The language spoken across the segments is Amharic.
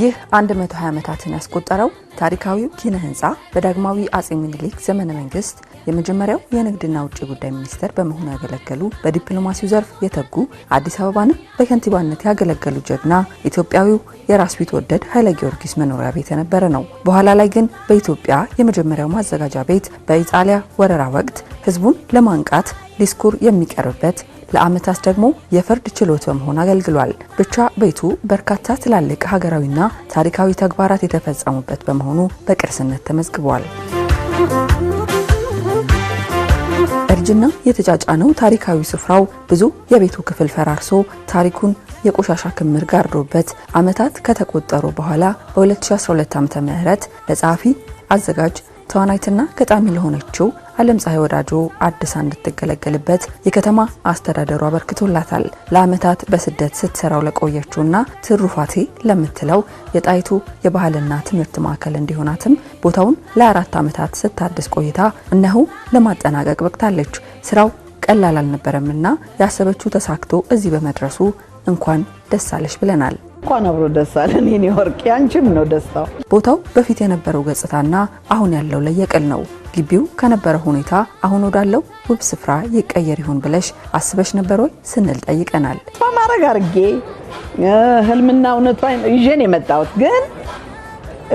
ይህ 120 ዓመታትን ያስቆጠረው ታሪካዊው ኪነ ህንፃ በዳግማዊ አጼ ምኒልክ ዘመነ መንግስት የመጀመሪያው የንግድና ውጭ ጉዳይ ሚኒስትር በመሆኑ ያገለገሉ በዲፕሎማሲው ዘርፍ የተጉ አዲስ አበባንም በከንቲባነት ያገለገሉ ጀግና ኢትዮጵያዊው የራስ ቢትወደድ ኃይለ ጊዮርጊስ መኖሪያ ቤት የነበረ ነው። በኋላ ላይ ግን በኢትዮጵያ የመጀመሪያው ማዘጋጃ ቤት በኢጣሊያ ወረራ ወቅት ህዝቡን ለማንቃት ዲስኩር የሚቀርብበት ለዓመታት ደግሞ የፍርድ ችሎት በመሆን አገልግሏል። ብቻ ቤቱ በርካታ ትላልቅ ሀገራዊና ታሪካዊ ተግባራት የተፈጸሙበት በመሆኑ በቅርስነት ተመዝግቧል። እርጅና የተጫጫነው ታሪካዊ ስፍራው ብዙ የቤቱ ክፍል ፈራርሶ ታሪኩን የቆሻሻ ክምር ጋርዶበት ዓመታት ከተቆጠሩ በኋላ በ2012 ዓ.ም ለጸሐፊ አዘጋጅ ተዋናይትና ገጣሚ ለሆነችው አለም ፀሐይ ወዳጆ አድሳ እንድትገለገልበት የከተማ አስተዳደሩ አበርክቶላታል። ለአመታት በስደት ስትሰራው ለቆየችውና ትሩፋቴ ለምትለው የጣይቱ የባህልና ትምህርት ማዕከል እንዲሆናትም ቦታውን ለአራት ዓመታት ስታድስ ቆይታ እነሆ ለማጠናቀቅ በቅታለች። ስራው ቀላል አልነበረምና ያሰበችው ተሳክቶ እዚህ በመድረሱ እንኳን ደስ አለሽ ብለናል። እንኳን አብሮ ደስ አለን ወርቅ፣ ያንችም ነው ደስታው። ቦታው በፊት የነበረው ገጽታና አሁን ያለው ለየቅል ነው። ግቢው ከነበረ ሁኔታ አሁን ወዳለው ውብ ስፍራ ይቀየር ይሆን ብለሽ አስበሽ ነበር ወይ ስንል ጠይቀናል። በማድረግ አድርጌ ህልምና እውነቷ ይዤን የመጣሁት ግን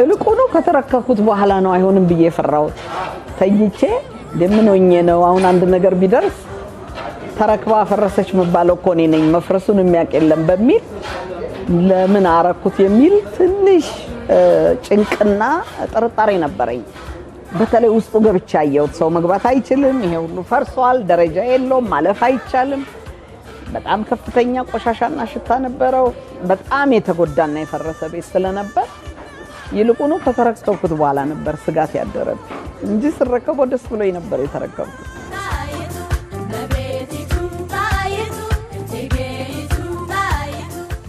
እልቁኑ ከተረከኩት በኋላ ነው አይሆንም ብዬ የፈራሁት። ተይቼ ደምኖኜ ነው። አሁን አንድ ነገር ቢደርስ ተረክባ ፈረሰች መባለው እኮ እኔ ነኝ፣ መፍረሱን የሚያውቅ የለም በሚል ለምን አረኩት የሚል ትንሽ ጭንቅና ጥርጣሬ ነበረኝ። በተለይ ውስጡ ገብቻ ያየሁት ሰው መግባት አይችልም፣ ይሄ ሁሉ ፈርሷል፣ ደረጃ የለውም፣ ማለፍ አይቻልም። በጣም ከፍተኛ ቆሻሻና ሽታ ነበረው። በጣም የተጎዳና የፈረሰ ቤት ስለነበር ይልቁኑ ከተረከብኩት በኋላ ነበር ስጋት ያደረብ እንጂ ስረከቦ ደስ ብሎኝ ነበር የተረከብኩት።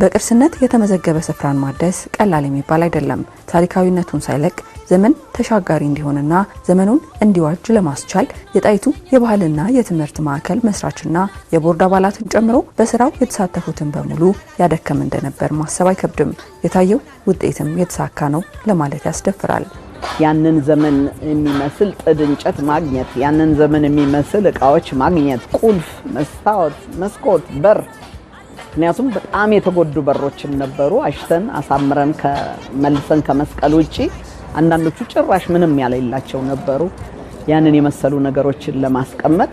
በቅርስነት የተመዘገበ ስፍራን ማደስ ቀላል የሚባል አይደለም። ታሪካዊነቱን ሳይለቅ ዘመን ተሻጋሪ እንዲሆንና ዘመኑን እንዲዋጅ ለማስቻል የጣይቱ የባህልና የትምህርት ማዕከል መስራችና የቦርድ አባላትን ጨምሮ በስራው የተሳተፉትን በሙሉ ያደከም እንደነበር ማሰብ አይከብድም። የታየው ውጤትም የተሳካ ነው ለማለት ያስደፍራል። ያንን ዘመን የሚመስል ጥድ እንጨት ማግኘት፣ ያንን ዘመን የሚመስል እቃዎች ማግኘት፣ ቁልፍ፣ መስታወት፣ መስኮት፣ በር ምክንያቱም በጣም የተጎዱ በሮችም ነበሩ። አሽተን አሳምረን መልሰን ከመስቀል ውጭ አንዳንዶቹ ጭራሽ ምንም ያሌላቸው ነበሩ። ያንን የመሰሉ ነገሮችን ለማስቀመጥ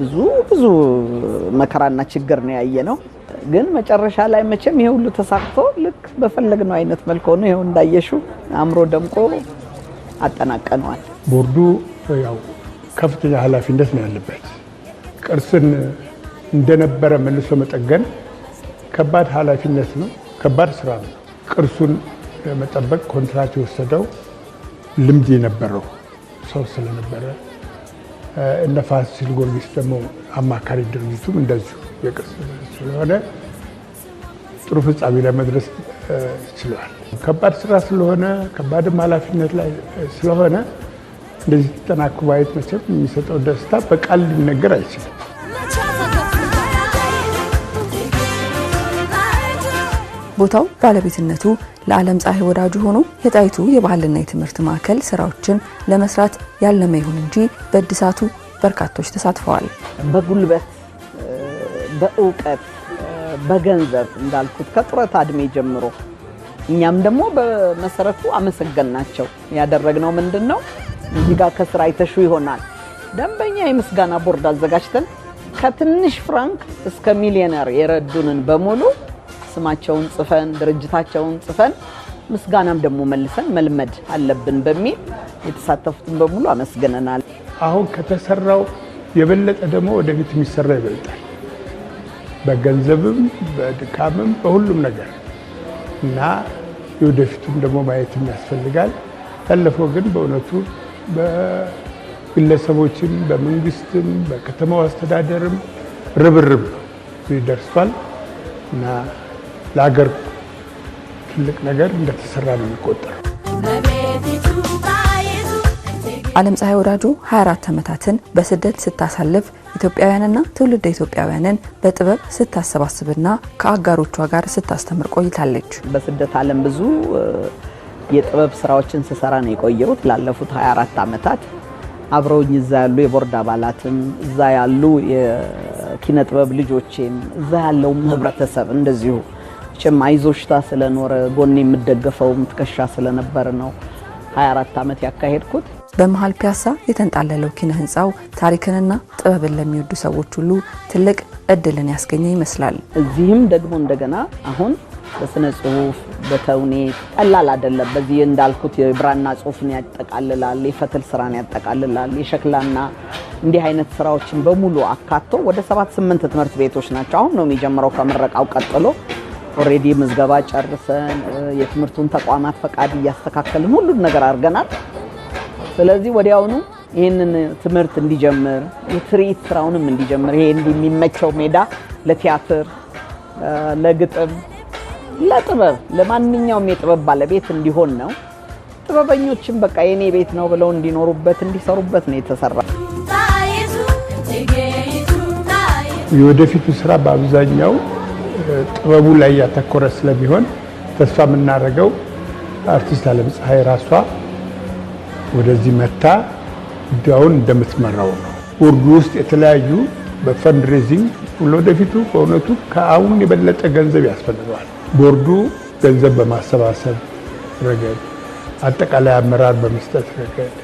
ብዙ ብዙ መከራና ችግር ነው ያየ ነው። ግን መጨረሻ ላይ መቼም ይሄ ሁሉ ተሳክቶ ልክ በፈለግነው አይነት መልክ ሆኖ ይኸው እንዳየሽው አእምሮ ደምቆ አጠናቀነዋል። ቦርዱ ያው ከፍተኛ ኃላፊነት ነው ያለበት። ቅርስን እንደነበረ መልሶ መጠገን ከባድ ኃላፊነት ነው፣ ከባድ ስራ ነው። ቅርሱን በመጠበቅ ኮንትራት የወሰደው ልምድ የነበረው ሰው ስለነበረ እነ ፋሲል ጊዮርጊስ ደግሞ አማካሪ ድርጅቱም እንደዚሁ የቅርስ ስለሆነ ጥሩ ፍጻሜ ላይ መድረስ ችለዋል። ከባድ ስራ ስለሆነ ከባድም ኃላፊነት ላይ ስለሆነ እንደዚህ ተጠናክሮ ማየት መቼም የሚሰጠው ደስታ በቃል ሊነገር አይችልም። ቦታው ባለቤትነቱ ለዓለም ፀሐይ ወዳጁ ሆኖ የጣይቱ የባህልና የትምህርት ማዕከል ስራዎችን ለመስራት ያለመ ይሁን እንጂ በእድሳቱ በርካቶች ተሳትፈዋል። በጉልበት፣ በእውቀት፣ በገንዘብ እንዳልኩት ከጡረታ እድሜ ጀምሮ እኛም ደግሞ በመሰረቱ አመሰገን ናቸው። ያደረግነው ምንድን ነው? እዚህ ጋር ከስራ አይተሹ ይሆናል ደንበኛ የምስጋና ቦርድ አዘጋጅተን ከትንሽ ፍራንክ እስከ ሚሊዮነር የረዱንን በሙሉ ስማቸውን ጽፈን ድርጅታቸውን ጽፈን ምስጋናም ደግሞ መልሰን መልመድ አለብን በሚል የተሳተፉትን በሙሉ አመስግነናል። አሁን ከተሰራው የበለጠ ደግሞ ወደፊት የሚሰራ ይበልጣል፣ በገንዘብም በድካምም በሁሉም ነገር እና የወደፊቱም ደግሞ ማየትም ያስፈልጋል። ያለፈው ግን በእውነቱ በግለሰቦችም በመንግስትም በከተማው አስተዳደርም ርብርብ ደርሷል እና ለሀገር ትልቅ ነገር እንደተሰራ ነው የሚቆጠረው። ዓለም ፀሐይ ወዳጁ 24 ዓመታትን በስደት ስታሳልፍ ኢትዮጵያውያንና ትውልደ ኢትዮጵያውያንን በጥበብ ስታሰባስብና ከአጋሮቿ ጋር ስታስተምር ቆይታለች። በስደት ዓለም ብዙ የጥበብ ስራዎችን ስሰራ ነው የቆየሁት ላለፉት 24 ዓመታት። አብረውኝ እዛ ያሉ የቦርድ አባላትም እዛ ያሉ የኪነ ጥበብ ልጆቼም እዛ ያለውም ህብረተሰብ እንደዚሁ መቼም አይዞሽታ ስለኖረ ጎን የምደገፈው ትከሻ ስለነበር ነው 24 ዓመት ያካሄድኩት። በመሀል ፒያሳ የተንጣለለው ኪነ ህንፃው ታሪክንና ጥበብን ለሚወዱ ሰዎች ሁሉ ትልቅ እድልን ያስገኘ ይመስላል። እዚህም ደግሞ እንደገና አሁን በስነ ጽሁፍ በተውኔት ቀላል አይደለም። በዚህ እንዳልኩት የብራና ጽሁፍን ያጠቃልላል፣ የፈትል ስራን ያጠቃልላል፣ የሸክላና እንዲህ አይነት ስራዎችን በሙሉ አካቶ ወደ ሰባት ስምንት ትምህርት ቤቶች ናቸው። አሁን ነው የሚጀምረው ከምረቃው ቀጥሎ ኦሬዲ ምዝገባ ጨርሰን የትምህርቱን ተቋማት ፈቃድ እያስተካከልን ሁሉን ነገር አድርገናል። ስለዚህ ወዲያውኑ ይህንን ትምህርት እንዲጀምር የትርኢት ስራውንም እንዲጀምር ይሄ የሚመቸው ሜዳ ለቲያትር፣ ለግጥም፣ ለጥበብ ለማንኛውም የጥበብ ባለቤት እንዲሆን ነው። ጥበበኞችም በቃ የኔ ቤት ነው ብለው እንዲኖሩበት እንዲሰሩበት ነው የተሰራ። የወደፊቱ ስራ በአብዛኛው ጥበቡ ላይ ያተኮረ ስለሚሆን ተስፋ የምናደርገው አርቲስት አለም ፀሐይ ራሷ ወደዚህ መታ ጉዳዩን እንደምትመራው ነው። ቦርዱ ውስጥ የተለያዩ በፈንድሬዚንግ ለወደፊቱ በእውነቱ ከአሁን የበለጠ ገንዘብ ያስፈልገዋል። ቦርዱ ገንዘብ በማሰባሰብ ረገድ፣ አጠቃላይ አመራር በመስጠት ረገድ፣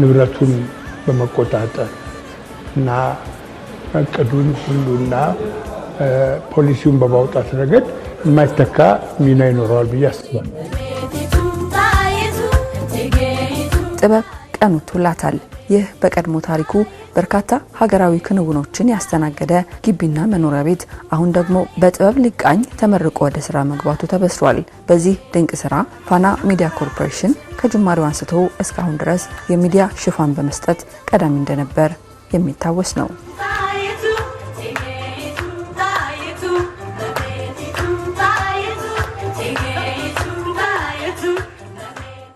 ንብረቱን በመቆጣጠር እና እቅዱን ሁሉና ፖሊሲውን በማውጣት ረገድ የማይተካ ሚና ይኖረዋል ብዬ አስባል። ጥበብ ቀኑ ትውላታል። ይህ በቀድሞ ታሪኩ በርካታ ሀገራዊ ክንውኖችን ያስተናገደ ግቢና መኖሪያ ቤት አሁን ደግሞ በጥበብ ሊቃኝ ተመርቆ ወደ ስራ መግባቱ ተበስሯል። በዚህ ድንቅ ስራ ፋና ሚዲያ ኮርፖሬሽን ከጅማሬው አንስቶ እስካሁን ድረስ የሚዲያ ሽፋን በመስጠት ቀዳሚ እንደነበር የሚታወስ ነው።